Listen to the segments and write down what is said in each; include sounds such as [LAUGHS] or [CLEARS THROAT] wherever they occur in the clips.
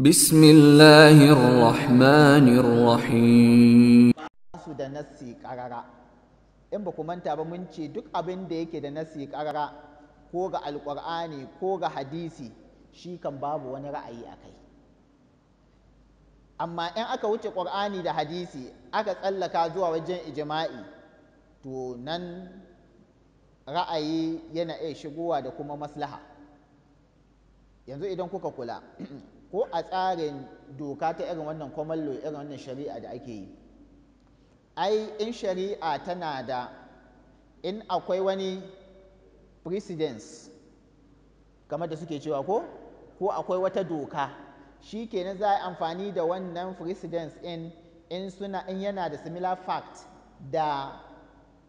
بسم الله الرحمن الرحيم su da nassi karara in ba ku manta ba mun ce duk abin da yake da nassi karara ko ga alkur'ani ko ga hadisi shi kan babu wani ra'ayi a kai amma in aka wuce ƙur'ani da hadisi aka tsallaka zuwa wajen ijima'i to nan ra'ayi yana iya shigowa da kuma maslaha yanzu idan kuka kula [CLEARS THROAT] ko a tsarin doka ta irin wannan common law irin wannan shari'a da ake yi ai in shari'a tana da in akwai wani precedence kamar da suke cewa ko ko akwai wata doka shi kenan za a yi amfani da wannan precedence in in suna in yana da similar fact da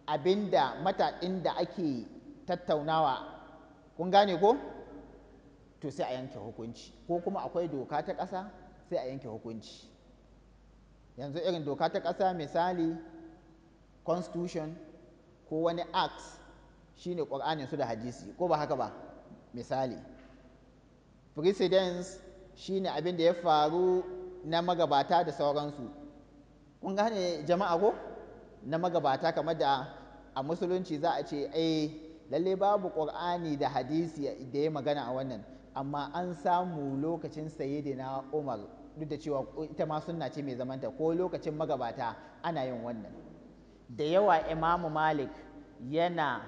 abinda mata da ake tattaunawa kun gane ko to sai a yanke hukunci ko kuma akwai doka ta ƙasa sai a yanke hukunci yanzu irin doka ta ƙasa misali constitution ko wani act shine ƙur'anin su da hadisi ko ba haka ba misali precedence shine abin da ya faru na magabata da sauransu kun gane jama'a ko na magabata kamar da a musulunci za a ce eh lalle babu ƙur'ani da hadisi da ya magana a wannan amma an samu lokacin sayyidina Umar duk da cewa ita ma sunna ce mai zamanta ko lokacin magabata ana yin wannan da yawa imamu malik yana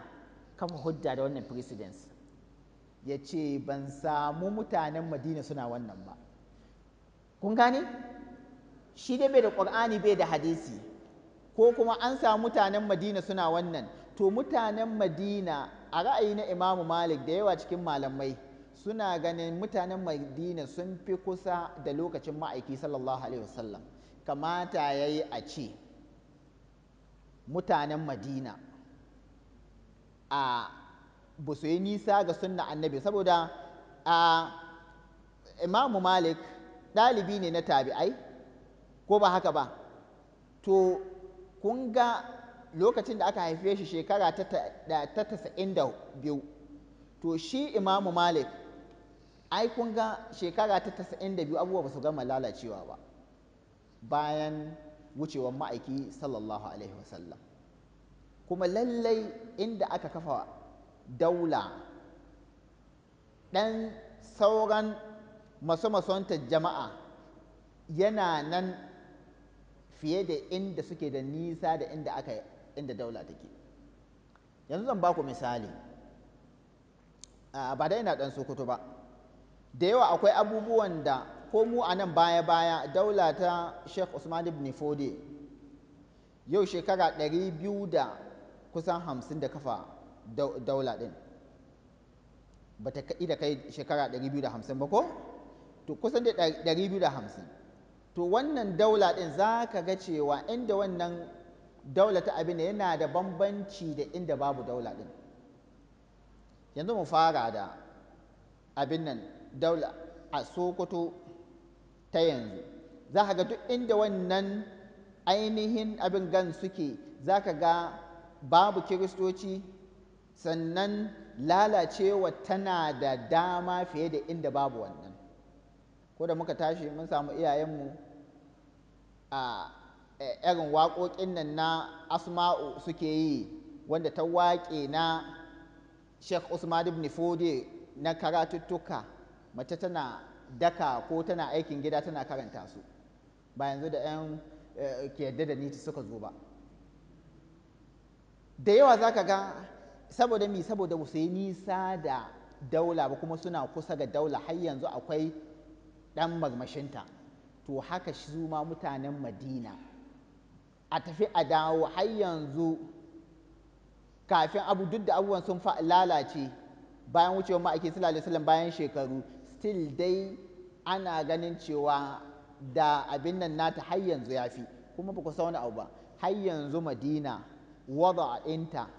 kafa hujja da wannan precedence ya ce ban samu mutanen madina suna wannan ba kun gane shi dai bai da ƙur'ani bai da hadisi ko kuma an samu mutanen madina suna wannan to mutanen madina a ra'ayi na imamu malik da yawa cikin malamai suna ganin mutanen madina sun fi kusa da lokacin ma'aiki sallallahu alaihi wasallam kamata ya yi a ce mutanen madina a ba su yi nisa ga sunna annabi saboda a imamu malik ɗalibi ne na tabi'ai ko ba haka ba to kun ga lokacin da aka haife shi shekara ta 92 to shi imamu malik ai kun ga shekara ta 92 abubuwa ba su gama lalacewa ba bayan wucewar ma'aiki sallallahu alaihi wasallam kuma lallai inda aka kafa daula ɗan sauran maso-masonta jama'a yana nan fiye da inda suke da nisa da inda aka inda daula take yanzu zan baku misali ba da ina ɗan sokoto ba da yawa akwai abubuwan da ko mu a nan baya-baya daula ta sheikh usman ibn fode yau shekara 200 da kusan 50 da kafa daula din ba ta kaɗi da kai shekara 250 ba ko to kusan da 250 to wannan daula din za ka ga cewa inda wannan daula ta abin yana da bambanci da inda babu daula din yanzu mu fara da abin nan daula a sokoto ta yanzu za ka ga duk inda wannan ainihin abin gan suke za ka ga babu kiristoci sannan lalacewa tana da dama fiye da inda babu wannan ko da muka tashi mun samu iyayenmu a e, irin waƙoƙin nan na asma'u suke yi wanda ta waƙe na sheikh usman ibn fode na karatuttuka mace tana daka ko tana aikin gida tana karanta su ba yanzu da 'yan eh, ke yadda da niti suka zo ba da yawa za ka ga saboda mi saboda su yi nisa da daula ba kuma suna kusa ga daula har yanzu akwai ɗan marmashinta to haka shi ma mutanen madina a tafi a dawo har yanzu kafin abu duk da abubuwan sun lalace bayan wucewa ma'aikin sallallahu alaihi bayan shekaru still dai ana ganin cewa da abin nan nata har yanzu ya fi kuma ba ku wani abu ba har yanzu madina wada inta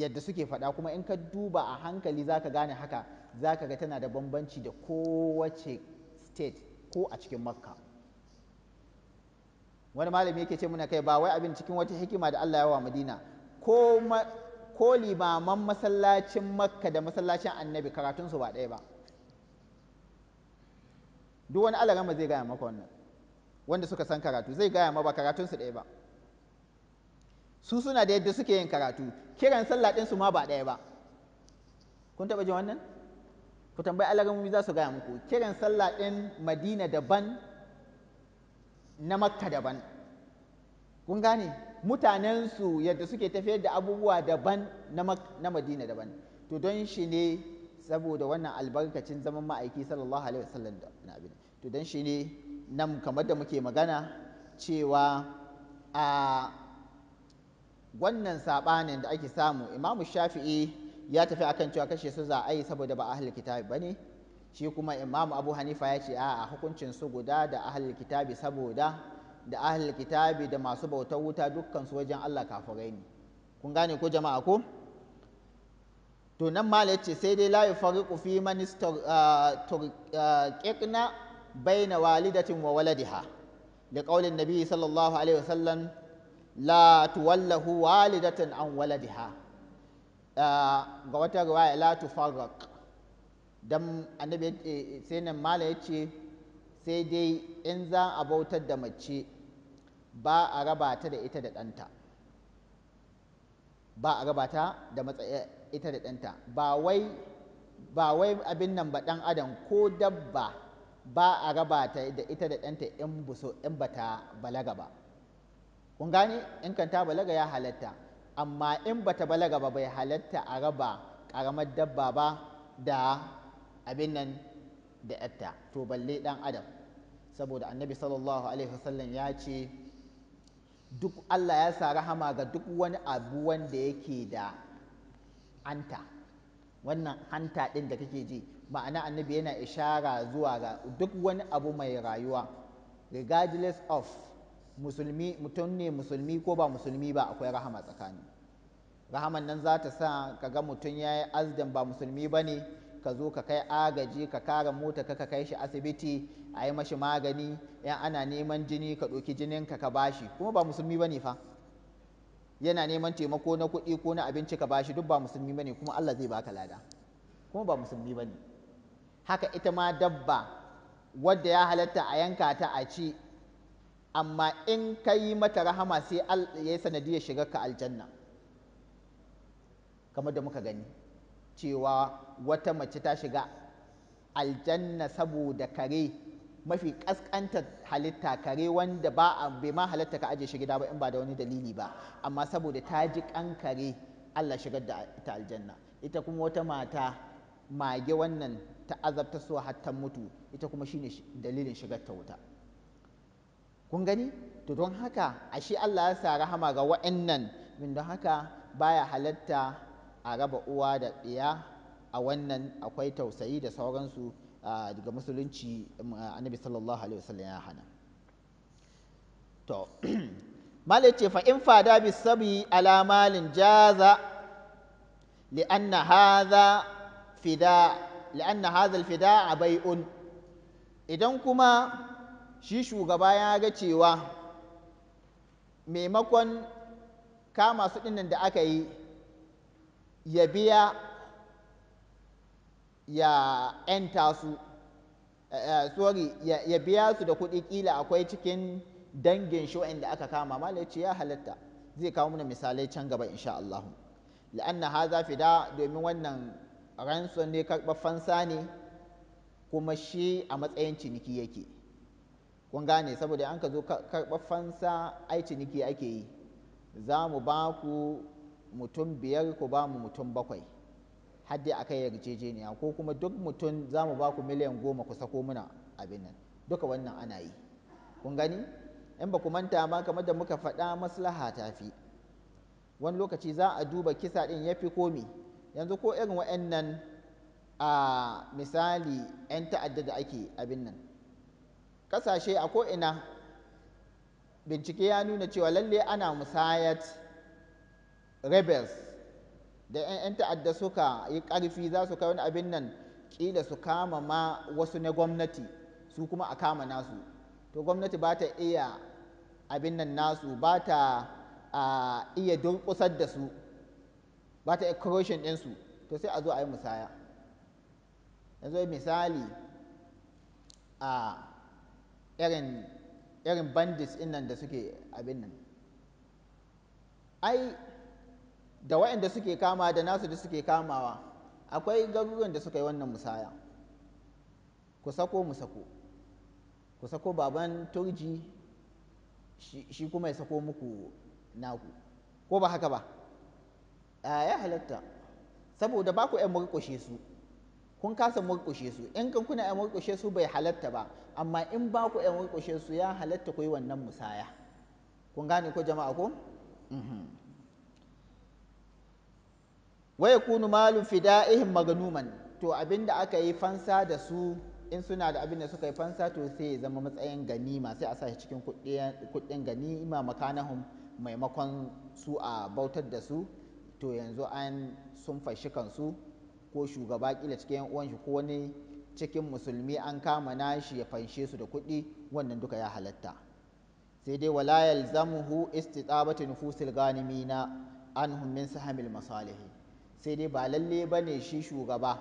yadda suke faɗa kuma in ka duba a hankali za ka gane haka za ka ga tana da bambanci da kowace state ko a cikin makka wani malami yake ce muna kai ba wai abin cikin wata hikima da allah ya wa madina ko limaman masallacin makka da masallacin annabi karatunsu ba ɗaya ba duk wani alarama zai gaya maka wannan wanda suka san karatu zai gaya ma ba karatunsu ɗaya ba su suna da yadda suke yin karatu kiran sallah ɗinsu ma ba ɗaya ba kun taɓa jin wannan ku tambayi Alarmomi za su gaya muku kiran sallah ɗin madina daban na makka daban kun gane mutanensu yadda suke tafiyar da abubuwa daban na madina daban to don shi ne saboda wannan albarkacin zaman ma'aiki sallallahu alaihi wasallam na abin to dan shi ne nan kamar da muke magana cewa a wannan saɓanin da ake samu imamu shafi'i ya tafi akan cewa kashe su za a yi saboda ba ahlul kitabi ba ne shi kuma imamu abu hanifa ya ce a hukuncin su guda da ahlul kitabi saboda da ahlul kitabi da masu bautar wuta dukkan su wajen allah kafirai ne kun gane ko jama'a ko to nan mala ce sai dai la yufariqu fi man turqiqna baina walidatin wa waladiha da ƙaunin nabi عليه وسلم لا la tuwallahu عن an waladiha ah, ga wata riwaya دم النبي dan مالا sai nan انزا ابو sai dai in za a bautar ba a gabata da ita da ɗanta ba wai abin nan ba ɗan adam ko dabba ba a raba ta da ita da ɗanta in buso in bata balaga ba kun gane in kan ta balaga ya halatta amma in ba ta balaga ba bai halatta a raba ƙaramar dabba ba da abin nan da yatta to balle ɗan adam saboda annabi sallallahu alaihi wasallam ya ce duk Allah ya sa rahama ga duk wani abu wanda yake da hanta wannan hanta ɗin da kake ji ma'ana annabi yana ishara zuwa ga duk wani abu mai rayuwa regardless of musulmi mutum ne musulmi ko ba musulmi ba akwai rahama tsakani rahaman nan za ta sa ka ga mutum ya yi azdan ba musulmi ba ne ka zo ka kai agaji ka kara mota ka ka kai shi asibiti a yi mashi magani yan ana neman jini ka ɗauki jinin ka ka bashi kuma ba musulmi ba ne fa yana neman taimako na kuɗi ko na abinci ka bashi duk ba musulmi ba ne kuma Allah zai baka lada kuma ba musulmi ba ne haka ita ma dabba wadda ya halatta a yanka ta a ci amma in ka yi mata rahama sai ya yi sanadiyar shiga ka aljanna kamar da muka gani cewa wata mace ta shiga aljanna saboda kare mafi kaskantar halitta kare wanda ba a bai ma halitta ka aje shi gida ba in ba da wani dalili ba amma saboda ta ji kan kare Allah shigar da ita aljanna ita kuma wata mata mage wannan ta suwa hatta mutu ita kuma shine dalilin shigar ta wuta kun gani to don haka ashe Allah ya sa rahama ga wa'annan min don haka baya halatta a raba uwa da ɗiya a wannan akwai tausayi da sauransu daga musulunci um, annabi sallallahu alaihi wasallam ya hana to [CLEARS THROAT] mal ce fa in fada bi sabi ala malin jaza li anna hadha fida la'anna hadha fidaa bai'un idan kuma shi shugaba ya ga cewa maimakon kama su dinnan da aka yi ya biya ya su, sorry, ya biya su da kuɗi kila akwai cikin dangin shi da aka kama malaci ya halatta zai kawo mana misalai can gaba insha Allah. la'anna haza fida domin wannan ransom ne karɓar fansa ne kuma shi a matsayin ciniki yake kun gane saboda an ka zo karɓar fansa ai ciniki ake yi za mu ba ku mutum biyar ku ba mu mutum bakwai haddi a kai yarjejeniya ko kuma duk mutum za mu ba ku miliyan goma ku sako muna abin nan duka wannan ana yi kun gani in ba ku manta ba kamar da muka faɗa maslaha ta fi wani lokaci za a duba kisa ɗin ya fi komi yanzu ko irin wa'annan a misali 'yan ta'adda da ake abin nan ƙasashe a ko'ina bincike ya nuna cewa lalle ana musayat rebels da 'yan ta'adda suka yi ƙarfi za su kai wani abin nan ƙila su kama ma wasu na gwamnati su kuma a kama nasu to gwamnati ba ta iya abin nan nasu ba ta iya durƙusar da su ba ta corrosion ɗinsu to sai a zo a yi musaya yanzu misali a irin bandits ɗin da suke abin nan ai da waɗanda suke kama da nasu da suke kamawa akwai garuruwan da suka yi wannan musaya ku sako mu sako ku sako baban turji shi kuma ya sako muku naku ko ba haka ba Ah, ya halatta saboda ba ku 'yan murƙushe su kun kasa murƙushe su in kan kuna 'yan murƙushe su bai halatta ba amma in ba ku 'yan murƙushe su ya halatta ku yi wannan musaya kun gane ko jama'a ko mhm. wa kunu malu fida'ihim maganuman to abinda aka yi fansa da su in suna da abin da suka yi fansa to sai ya zama matsayin ganima sai a sa cikin kuɗin ganima makanahum maimakon su a bautar da su to yanzu an sun fashi kansu ko shugaba kila cikin yan uwanshi ko wani cikin musulmi an kama nashi ya fanshe su da kuɗi wannan duka ya halatta sai dai wala yalzamuhu ganimi nufusil an anhum min sahamil masalihi sai dai ba lalle bane shi shugaba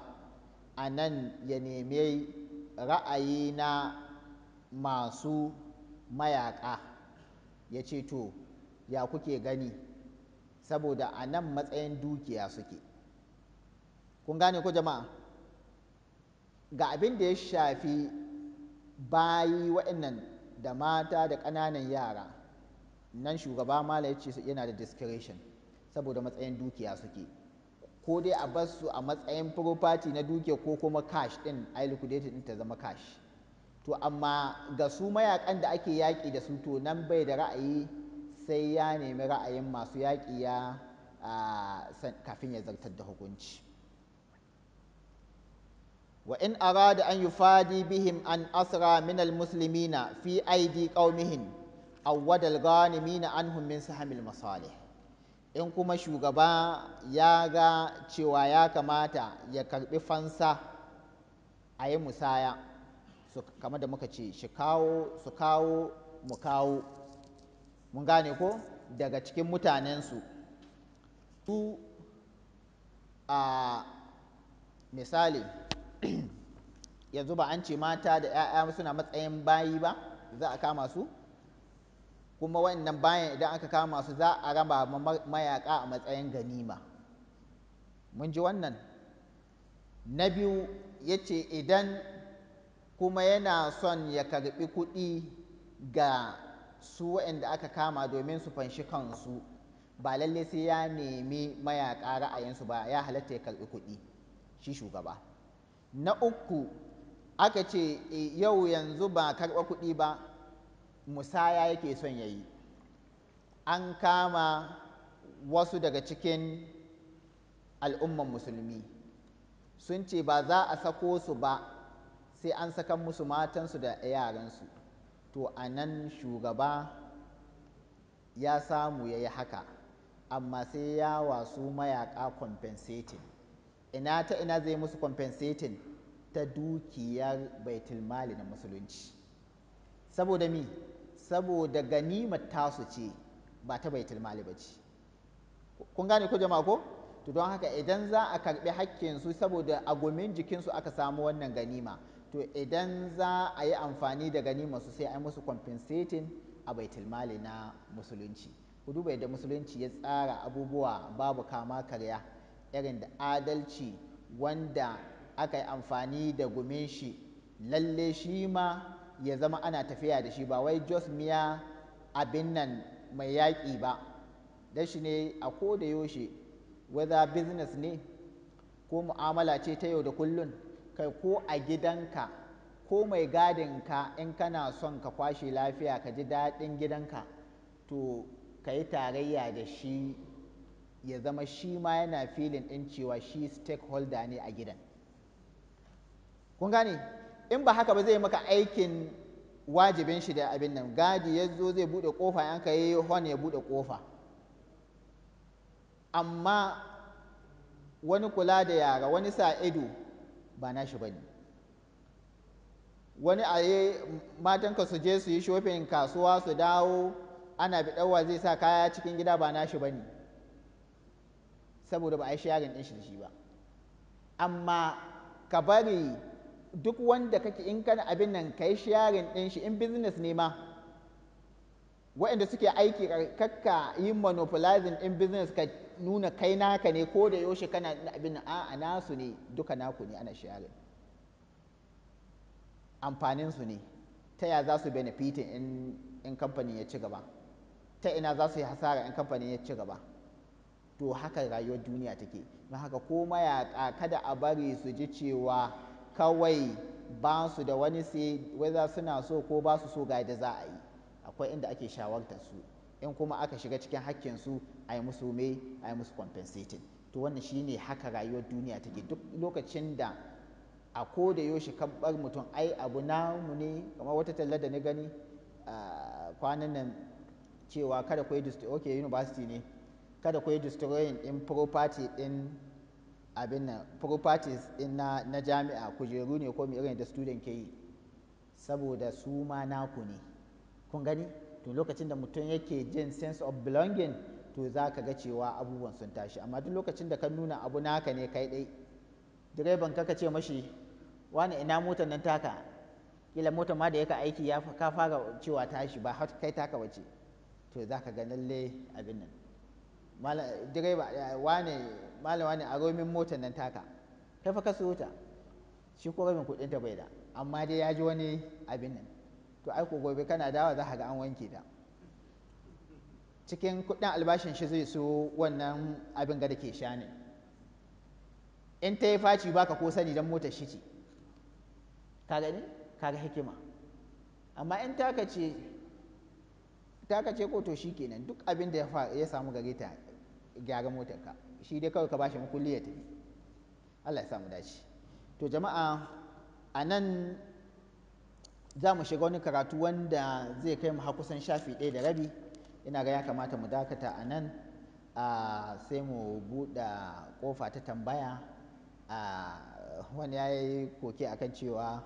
a nan ya neme ra'ayi na masu mayaka. ya ce to ya kuke gani saboda a nan matsayin dukiya suke kun gane ko jama'a ga abin da ya shafi bayi waɗannan da mata da ƙananan yara nan shugaba mala ya ce yana da discretion saboda matsayin dukiya suke ko dai a bar a matsayin property na dukiya ko kuma cash din a liquidated din ta zama cash to amma ga su mayakan da ake yaƙi da su to nan bai da ra'ayi sai ya nemi ra'ayin masu yaƙi ya kafin ya zartar da hukunci wa in arada an yufadi bihim an asra min almuslimina fi aidi qaumihim awwada alghanimina anhum min sahamil masalih in kuma shugaba ya ga cewa ya kamata ya karbi fansa a yi musaya kamar da muka ce shi kawo su kawo mu kawo mun gane ko daga cikin mutanensu su a misali [CLEARS THROAT] yanzu ba an ce mata da 'ya'ya suna matsayin bayi ba za a kama su kuma wannan bayan idan aka kama su za a raba mayaka a matsayin ganima mun ji wannan na biyu ya ce idan kuma yana son ya karbi kuɗi ga su waɗanda aka kama domin su fanshi kansu ba lalle sai ya nemi mayaƙa ra'ayinsu ba ya halatta ya karɓi kuɗi shi shugaba na uku aka ce e, yau yanzu ba karɓa kuɗi ba musaya yake son ya yi an kama wasu daga cikin al'umman musulmi sun ce ba za a sako su ba sai an saka musu matansu da yaransu to a nan shugaba ya samu ya yi haka amma sai ya wasu mayaka compensating ina ta ina zai musu compensating ta dukiyar baitulmali na musulunci saboda mi saboda ganimar tasu ce ba ta baitulmali ba ce kun gane ko jama'a ko to don haka idan za a karɓi haƙƙinsu saboda agumin jikinsu aka samu wannan ganima to idan za a yi amfani da gani masu sai a yi musu compensating a bai tilmali na musulunci ku duba da musulunci ya tsara abubuwa babu kama karya irin da adalci wanda aka yi amfani da gumin shi lalle shi ma ya zama ana tafiya da shi ba wai jos miya abin nan mai yaƙi ba da shi ne a ko da yaushe whether business ne ko mu'amala ce ta yau da kullun kai ko a gidanka ko mai gadinka in kana son ka kwashe lafiya ka ji daɗin gidanka to ka yi tarayya da shi ya zama shi ma yana filin ɗin cewa shi stakeholder ne a gidan kun gane in ba haka ba zai maka aikin wajibin shi da abin nan gadi ya zo zai buɗe ƙofa yanka yi hon ya buɗe kofa amma wani kula da yara wani sa ido ba nashi ne wani aye matanka su je su yi shofin kasuwa su dawo ana biɗawa zai sa kaya cikin gida ba nashi ne saboda ba a yi sharing ɗin shi da shi ba amma ka bari duk wanda kake in kana abin nan ka yi sharing ɗin shi in business ne ma waɗanda suke aiki kakka yin monopolizing in business ka nuna kai naka ne ko da yaushe kana abin a nasu ne duka naku ne ana share amfanin su ne ta ya za su benefitin in kamfanin ya ci gaba ta ina za su yi hasara in kamfanin ya ci gaba to haka rayuwar duniya take don haka ko mayaƙa kada a bari su ji cewa kawai ba su da wani sai wai suna so ko ba su so ga da za a yi akwai inda ake shawartar su in kuma aka shiga cikin hakkinsu a yi musu me a yi musu compensating to wannan shi ne haka rayuwar duniya take duk lokacin da a ko da yaushe kan mutum ai abu namu ne kamar wata talla da ni gani kwanan nan cewa kada ku yi ok university ne kada ku yi destroying in property din abin nan properties din na, jami'a kujeru ne ko irin da student ke yi saboda su ma naku ne kun gani to lokacin da mutum yake jin sense of belonging to za ka ga cewa abubuwan sun tashi amma duk lokacin da ka nuna abu naka ne kai dai direban ka ka ce mashi wani ina motar nan taka kila motar ma da yaka aiki ya ka fara cewa tashi ba har kai taka wace to za ka ga lalle abin nan wane malam wane a romin motar nan taka kai fa ka siyo ta shi ko rabin kuɗin ta bai da amma dai ya ji wani abin nan to ai ko gobe kana dawa za ka ga an wanke ta cikin kudin albashin shi zai so wannan abin ga da ke sha ne in ta yi faci baka ko sani don motar shi ce ka gani ka ga hikima amma in taka ce taka ce ko to shikenan duk abin da ya samu gare ta gyara motar ka shi dai kawai ka bashi mu ya tafi Allah ya samu dace to jama'a a nan za mu shiga wani karatu wanda zai kai mu har kusan shafi ɗaya da rabi ina ga ya kamata mu dakata a nan sai mu buɗe ƙofa ta tambaya wani ya yi koke akan cewa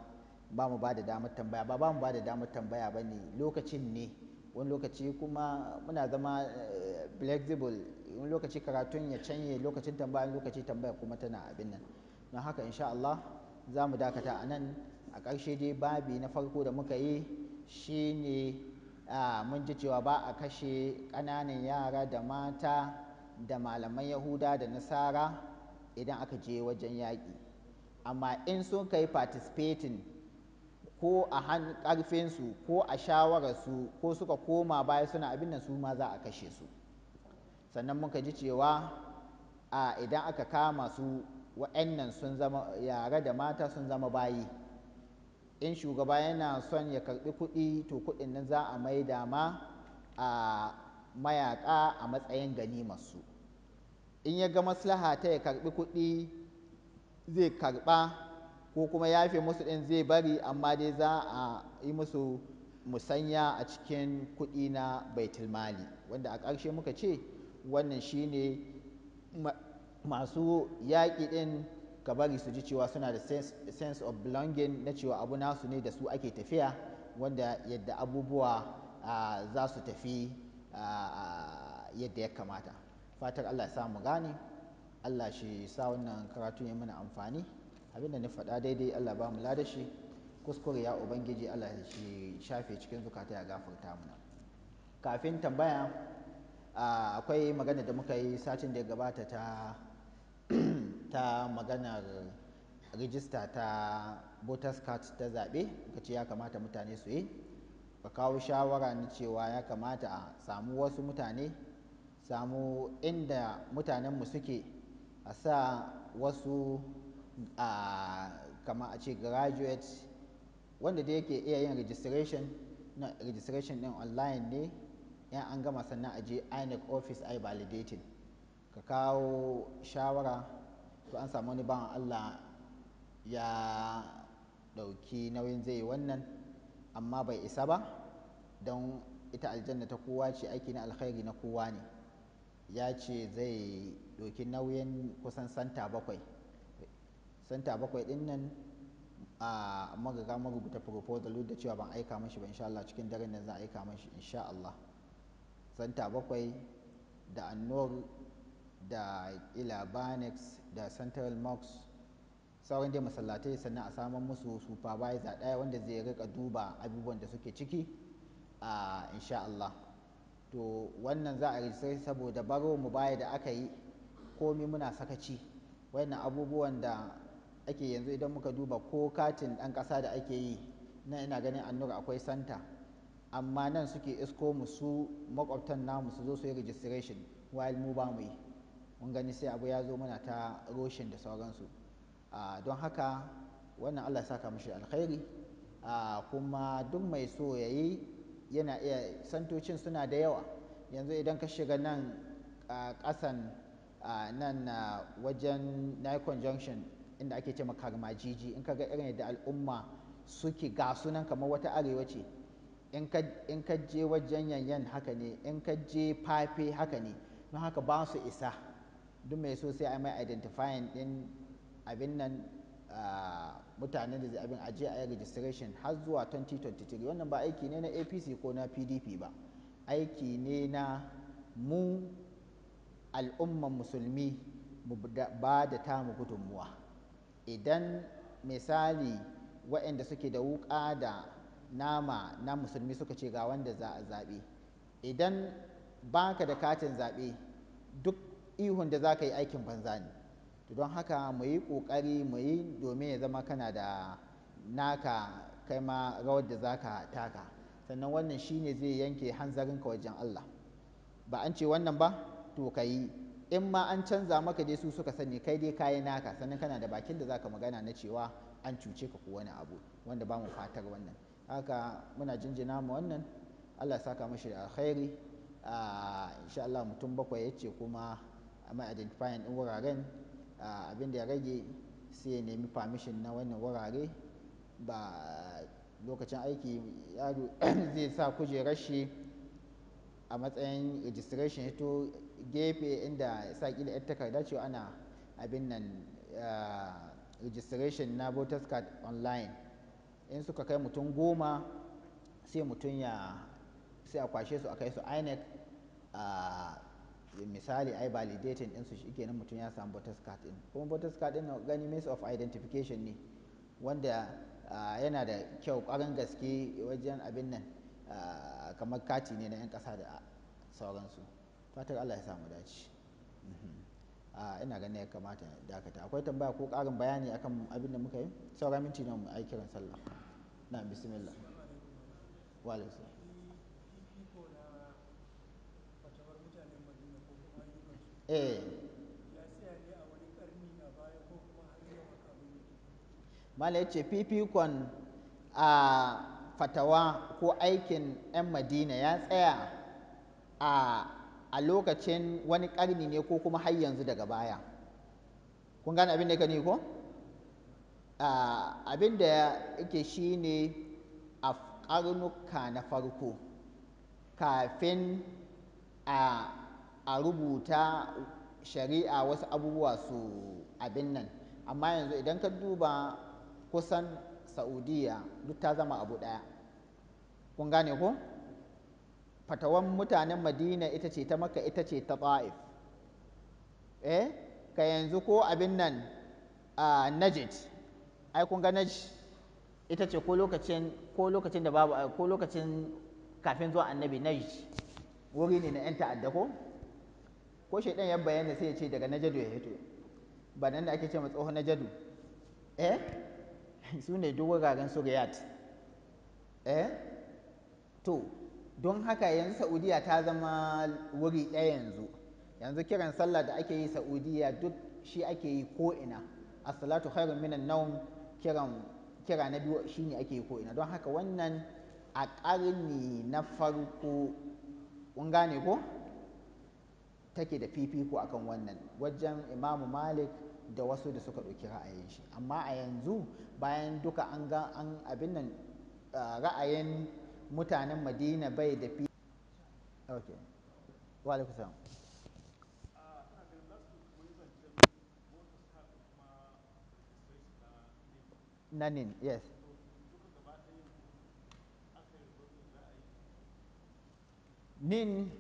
ba mu ba da damar tambaya ba ba mu ba da damar tambaya ba ne lokacin ne wani lokaci kuma muna zama eh, flexible wani lokaci karatun ya canye lokacin tambaya lokaci tambaya kuma tana abin nan don haka insha Allah za mu dakata a nan a ƙarshe dai babi na farko da muka yi shi ne mun ji cewa ba a kashe ƙananan yara da mata da malaman yahuda da nasara idan aka je wajen yaƙi amma in sun kai participating ko a su ko a shawararsu ko suka koma baya suna abin da su ma za a kashe su sannan muka ji cewa idan aka kama su wa'annan sun zama yara da mata sun zama bayi in shugaba yana son ya karbi kuɗi to kuɗin nan za a mai ma a mayaƙa a matsayin gani masu in ya ga maslaha ta ya karbi kuɗi zai karɓa ko kuma yafe musu ɗin zai bari amma dai za a yi musu musanya a cikin kuɗi na baitulmali wanda a ƙarshe muka ce wannan shine masu yaƙi ɗin ka bari su ji cewa suna da sense of belonging na cewa abu nasu ne da su ake tafiya wanda yadda abubuwa za su tafi yadda ya kamata fatar Allah ya sa mu gane Allah shi sa wannan karatu ya mana amfani abinda na faɗa daidai Allah ba mu shi. kuskure ya ubangiji Allah shi shafe cikin zukata ya gafarta mana kafin tambaya akwai magana da muka yi satin da ya gabata ta ta maganar rijista ta voters card ta zaɓe muka ce ya kamata mutane su yi ka kawo shawara na cewa ya kamata a samu wasu mutane samu inda mutanenmu suke a sa wasu a kama a ce graduate wanda da yake iya yin registration na registration ɗin online ne in an gama sannan a je INEC office ai validating ka kawo shawara to an samu wani bawan Allah ya ɗauki nauyin zai wannan amma bai isa ba don ita aljanna ta kowa ce aiki na alkhairi na kowa ne ya ce zai ɗauki nauyin kusan santa bakwai santa bakwai ɗin nan a magaga marubuta proposal da cewa ban aika mashi ba insha Allah cikin dare nan zan aika mashi insha Allah santa bakwai da annor da ila ilabanex da central mosque sauran dai masallatai sannan a samar musu supervisor ɗaya wanda zai rika duba abubuwan da suke ciki a insha Allah to wannan za a rijistar saboda baro mu baya da aka yi komi muna sakaci wannan abubuwan da ake yanzu idan muka duba ko katin ɗan ƙasa da ake yi nan ina ganin annur akwai santa amma nan suke isko musu su makwabtan namu su zo su yi registration while mu ba mu yi mun gani sai abu ya zo muna ta roshin da sauransu don haka wannan allah ya saka mushi alkhairi kuma duk mai so ya yi yana iya santocin suna da yawa yanzu idan ka shiga nan kasan nan wajen nikon junction inda ake ce jiji in ka ga irin da al'umma suke ga sunan kamar wata arewa ce in ka je wajen yanyan haka ne in ka je fafe haka ne don haka ba su isa duk mai so sai a mai identifying din abin nan mutanen da zai abin aje a yi registration har zuwa 2023 wannan ba aiki ne na apc ko na pdp ba aiki ne na mu al'umman musulmi mu ba da tamu gudunmuwa idan misali waɗanda suke da wuƙa da nama na musulmi suka ce ga wanda za a zaɓe idan baka da katin zaɓe duk ihun da za ka yi aikin banza ne don haka mu yi ƙoƙari mu yi domin ya zama kana da naka kai ma rawar da za ka taka sannan wannan shine zai yanke hanzarinka wajen Allah ba an ce wannan ba to ka yi in ma an canza maka dai su suka sani kai dai kayi naka sannan kana da bakin da zaka magana na cewa an cuce ka ko wani abu wanda ba mu fatar wannan haka muna jinjina mu wannan Allah saka mashi da alkhairi ah, insha Allah mutum bakwai ya ce kuma a mai identifying din wuraren abin da ya rage sai ya nemi permission na wannan wurare ba lokacin aiki yaro [CLEARS THROAT] zai sa kujerar shi a matsayin registration ya to gefe inda sa kila yar takarda cewa ana abin nan registration na voters card online in suka kai mutum goma sai mutum ya sai a kwashe su a kai su INEC misali ai validating ɗinsu shi kenan mutum ya samu voters card ɗin kuma voters card ɗin gani means of identification ne wanda yana da kyau ƙwarin gaske wajen abin nan kamar kati ne na 'yan ƙasa da sauransu fatar Allah ya samu dace mhm. ina ganin ya kamata dakata akwai tambaya ko ƙarin bayani akan abin da muka yi saura minti nan mu ai sallah na bismillah wa alaikum eh mala ya ce fifikon a fatawa ko aikin 'yan madina ya tsaya a lokacin wani ƙarni ne ko kuma har yanzu daga baya kun gane abin da ka ni ko abin da yake shi ne a karnuka na farko kafin a a rubuta shari'a wasu abubuwa su abin nan amma yanzu idan ka duba kusan saudiya duk ta zama abu ɗaya kun gane ko fatawan mutanen madina ita ce ta maka ita ce ta ta'if eh ka yanzu ko abin nan a najid ai kun ga najid ita ce ko lokacin ko lokacin da babu ko lokacin kafin zuwa annabi najid wuri ne na 'yan ta'adda ko ko shaidan ya bayyana sai ya ce daga najadu ya hito ba nan da ake ce tsohon najadu eh [LAUGHS] su ne duk suriyat eh to don haka yanzu saudiya ta zama wuri ɗaya yanzu yanzu kiran sallah da ake yi saudiya duk shi ake yi ko ina salatu khairun minan nawm kiran kira na biyu shine ake yi ko ina don haka wannan a ƙarni na farko kun gane ko take da fifiko akan wannan wajen imamu malik da wasu da suka ɗauki ra'ayin shi amma a yanzu bayan duka an ga an abin nan ra'ayin mutanen madina bai da fi ok walikusan nanin yes nin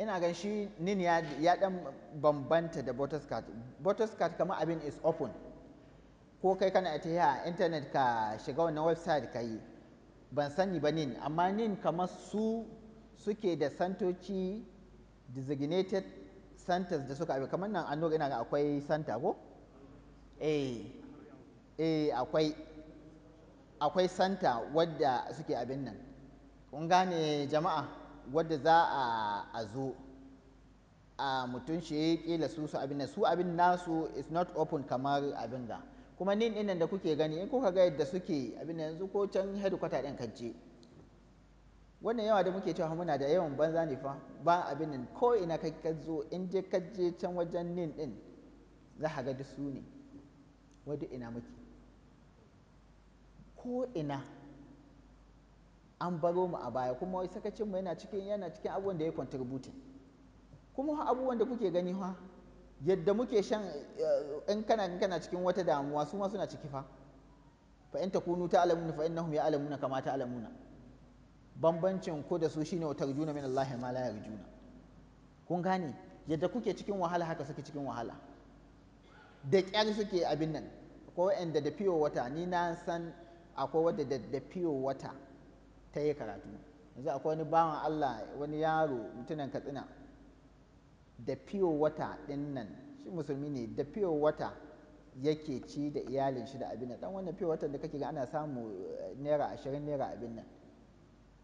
ina gan shi nin ya dan bambanta da butterscotch butterscotch kamar abin is open ko kai kana ta ya internet ka shiga wannan website ka yi ban sani ba nin amma nin kama su suke da santoci designated centers da suka abin kamar nan an ina ga akwai santa ko eh eh akwai akwai santa wadda suke abin nan kun gane jama'a wadda za a zo a mutum shi ya yi kila su su abin su abin nasu is not open kamar abin ga kuma nin ɗin da kuke gani in kuka ga yadda suke abin yanzu ko can hedikwata ɗin kance wannan yawa da muke cewa muna da yawan banza ne fa ba abin nan ko ina ka ka zo in je ka je can wajen nin ɗin za ka ga su ne wadda ina muke ko ina an baro mu a baya kuma wai sakacin mu yana cikin yana cikin abubuwan da ya contributing kuma abubuwan da kuke gani fa yadda muke shan eh, in kana in kana cikin wata damuwa su ma suna ciki fa fa in takunu alamuna fa innahum ya'lamuna kama a'lamuna bambancin ku da su shine wata rujuna min Allah ma la yarjuna kun gane yadda kuke cikin wahala haka suke cikin wahala da kyar suke abin nan ko da da fiyo wata ni na san akwai wadda da fiyo wata ta yi karatu yanzu akwai wani bawan Allah wani yaro mutunan katsina da fiyo wata ɗin nan shi musulmi ne da fiyo wata yake ci da iyalin shi da abin nan dan wannan fiyo wata da kake ga ana samu eh, naira ashirin naira abin nan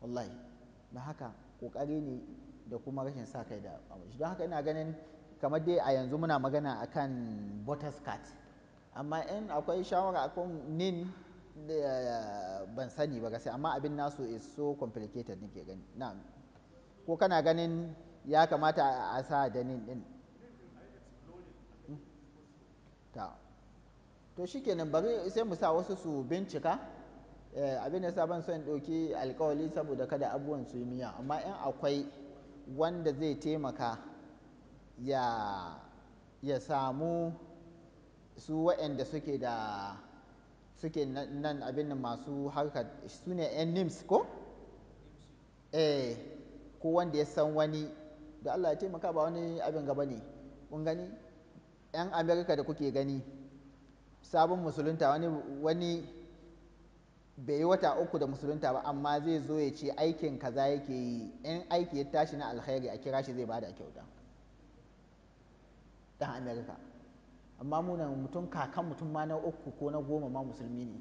wallahi na haka kokari ne da kuma rashin sa kai da shi don haka ina ganin kamar dai a yanzu muna magana akan butterscotch amma in akwai shawara akan nin Eh, ban sani ba gaskiya amma abin nasu is so complicated nake gani na'am ko kana ganin ya kamata a sa danin din ta to shikenan bari sai mu sa wasu su bincika eh, abin da saban son doki alkawali saboda kada abubuwan su yi miya amma in akwai wanda zai taimaka ya ya samu su waɗanda suke da suke nan abin masu harkar su ne yan nims ko? eh ko wanda ya san wani da Allah ya taimaka ba wani abin gaba ne kun gani yan amerika da kuke gani sabon musulunta wani wani bai yi wata uku da musulunta ba amma zai zo ya ce aikin kaza yake yi yan aiki ya tashi na alkhairi a kira shi zai bada kyauta dan amerika amma muna mutum kakan mutum ma na uku ko na goma ma musulmi ne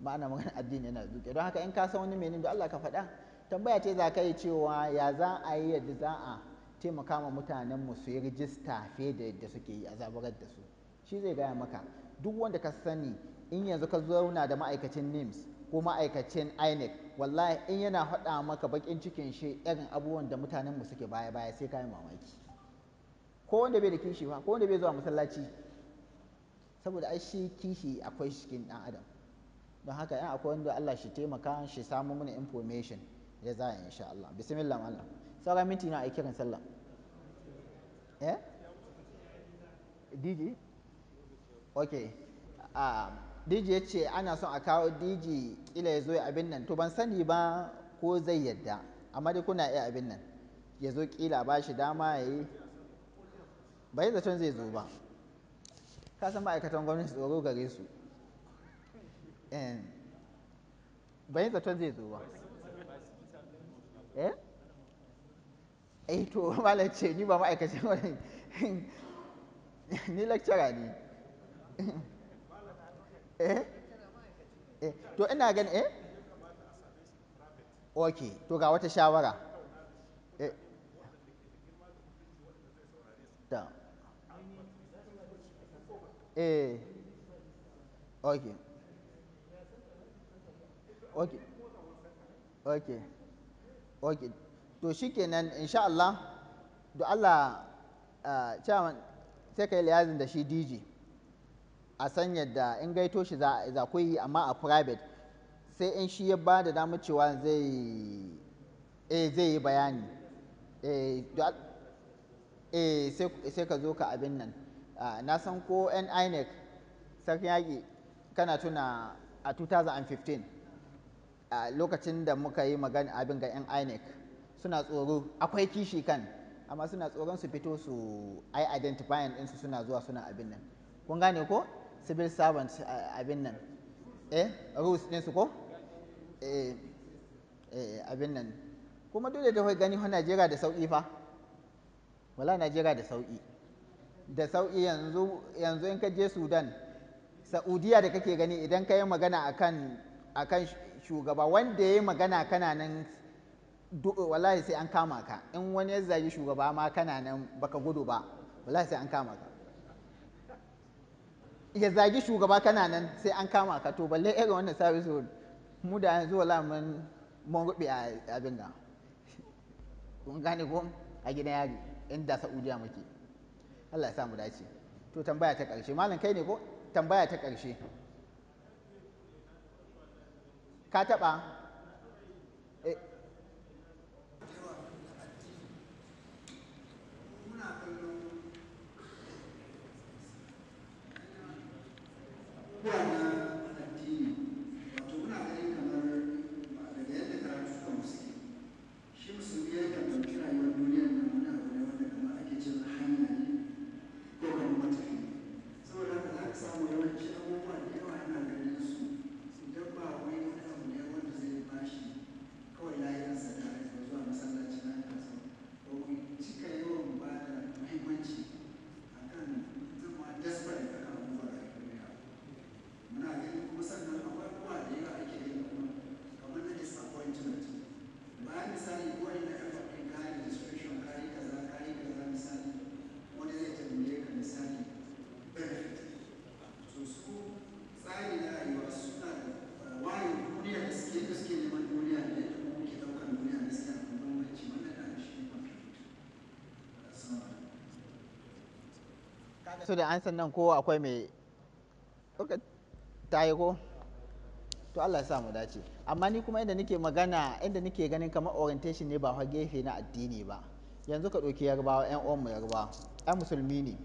ba magana addini yana duke don haka in ka san wani menin da Allah ka faɗa tambaya ce za ka yi cewa ya za a yi yadda za a taimaka ma mutanen mu su yi rijista fiye da yadda suke yi a zaburar da su shi zai gaya maka duk wanda ka sani in yanzu ka zauna da ma'aikacin NIMS ko ma'aikacin INEC wallahi in yana faɗa maka bakin cikin shi irin abubuwan da mutanen mu suke baya baya sai ka yi mamaki ko wanda bai da kishi ba ko wanda bai zuwa masallaci saboda ai shi kishi akwai shi cikin dan adam don haka in akwai wanda Allah shi taimaka shi samu mana information ya za in sha Allah bismillah malam sauran minti na a kiran sallah eh DJ okay um, ah, DJ ya ce ana son a kawo DJ kila ya zo ya abin nan to ban sani ba ko zai yadda amma dai kuna iya abin nan ya zo kila ba shi dama ya yi bai zaton zai zo ba ka san ma'aikatan gwamnati tsoro gare su eh. bayan zaton zai zo ba eh, eh to [LAUGHS] malam ce ni ba ma'aikacin wani ni lecturer ne [LAUGHS] eh eh to ina gani eh ok to ga wata shawara eh ok. Ok. Ok. Ok. to shi in insha Allah da Allah cewa sai ka yi liyazin da shi DJ a san yadda in gaito shi za ku yi amma a private sai in shi ya ba da damar cewa zai eh zai yi bayani eh, eh sai ka zo ka abin nan Ah, na san ko yan inec sarkin yaƙi kana tuna a 2015 lokacin da muka yi magana abin ga yan inec suna tsoro akwai kishi kan amma suna tsoron su fito su ai identifying ɗinsu suna zuwa suna abin nan kun gane ko civil servant abin nan eh rules ɗinsu ko eh, eh abin nan kuma dole da gani ho najeriya da sauƙi fa wala najeriya da sauƙi da sauƙi yanzu yanzu in ka je sudan saudiya da kake gani idan ka yi magana a kan shugaba wanda ya yi magana kana nan wallahi sai an kama ka in wani ya zagi shugaba ma kana nan baka gudu ba wallahi sai an kama ka ya zagi shugaba kana nan sai an kama ka to balle irin wannan service mu da yanzu wala mun mun rubi a abin nan kun gane ko a gina yari inda saudiya muke Allah ya sa mu dace to tambaya ta ƙarshe malam kai ne ko tambaya ta ƙarshe ka taɓa Yeah. su da an sannan ko akwai mai ta yi ko to Allah ya mu dace amma ni kuma inda nake magana inda nake ganin kamar orientation ne ba fa gefe na addini ba yanzu ka ɗauki yarbawa yan uwan mu yarbawa yan musulmi ne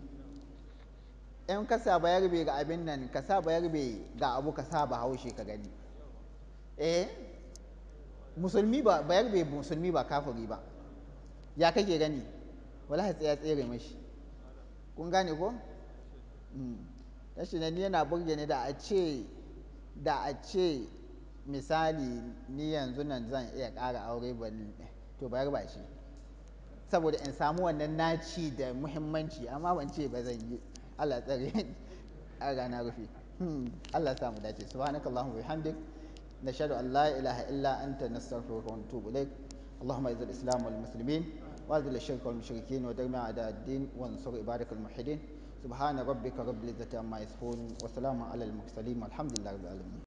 yan ka saba yarbe ga abin nan ka sa yarbe ga abu ka ba haushe ka gani eh musulmi ba ba yarbe musulmi ba kafiri ba ya kake gani wallahi tsaya tsere mashi kun gane ko tashinani hmm. yana burge ni da a ce da a ce misali ni yanzu nan zan iya ƙara aure to bayar ba shi saboda in samu wannan naci da muhimmanci amma ban ce ba zan yi Allah tsare a rana rufe hmm. Allah samu dace subhanakallahumma bihamdik nashhadu an la ilaha illa anta nastaghfiruka wa natubu ilaik اللهم اعز الاسلام والمسلمين وأذل الشرك والمشركين ودرنا أعداء الدين وانصر إبارك الموحدين سبحان ربك رب العزة عما يصفون وسلام على المرسلين والحمد لله رب العالمين